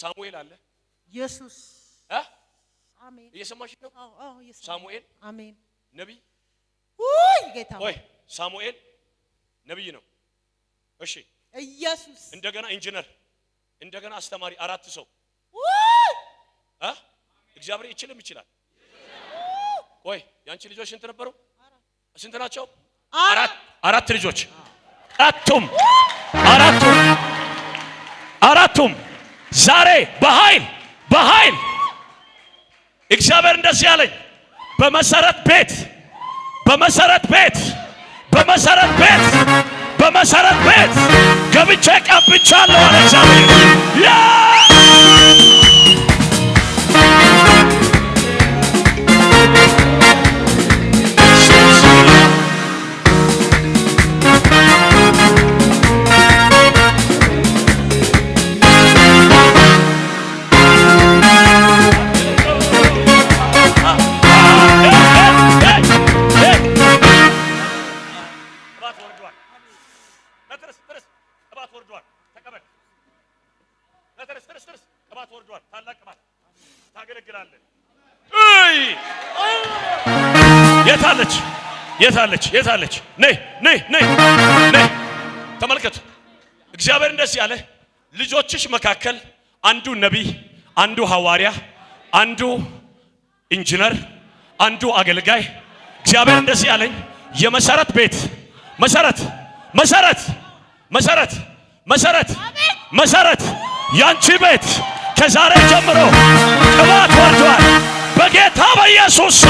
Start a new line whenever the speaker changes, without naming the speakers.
ሳሙኤል አለ ኢየሱስ እ አሜን እየሰማሽ
ነው? አዎ አዎ እየሰማሽ ሳሙኤል አሜን
ነብይ ውይ ጌታ ወይ ሳሙኤል ነብይ ነው። እሺ ኢየሱስ እንደገና ኢንጂነር እንደገና አስተማሪ አራት ሰው እ እግዚአብሔር ይችልም ይችላል። ወይ ያንቺ ልጆች ስንት ነበሩ? ስንት ናቸው? አራት አራት ልጆች አራቱም አራቱም አራቱም ዛሬ በኃይል በኃይል እግዚአብሔር እንደዚህ ያለኝ በመሰረት ቤት በመሰረት ቤት በመሰረት ቤት በመሰረት ቤት ገብቼ ቀብቻለሁ አለ እግዚአብሔር። ለትርስ ትርስ ቅባት ወርዷል። ተቀበል። ለትርስ ትርስ ትርስ ቅባት ወርዷል። ታላቅ ቅባት ታገለግላለህ። እይ የታለች የታለች የታለች? ነይ ነይ ነይ ነይ። ተመልከቱ። እግዚአብሔር እንደዚህ ያለ ልጆችሽ መካከል አንዱ ነቢይ፣ አንዱ ሐዋርያ፣ አንዱ ኢንጂነር፣ አንዱ አገልጋይ። እግዚአብሔር እንደዚህ ያለኝ የመሰረት ቤት መሰረት መሰረት መሰረት መሰረት መሰረት ያንቺ ቤት ከዛሬ ጀምሮ ቅባት ወርዷል በጌታ በኢየሱስ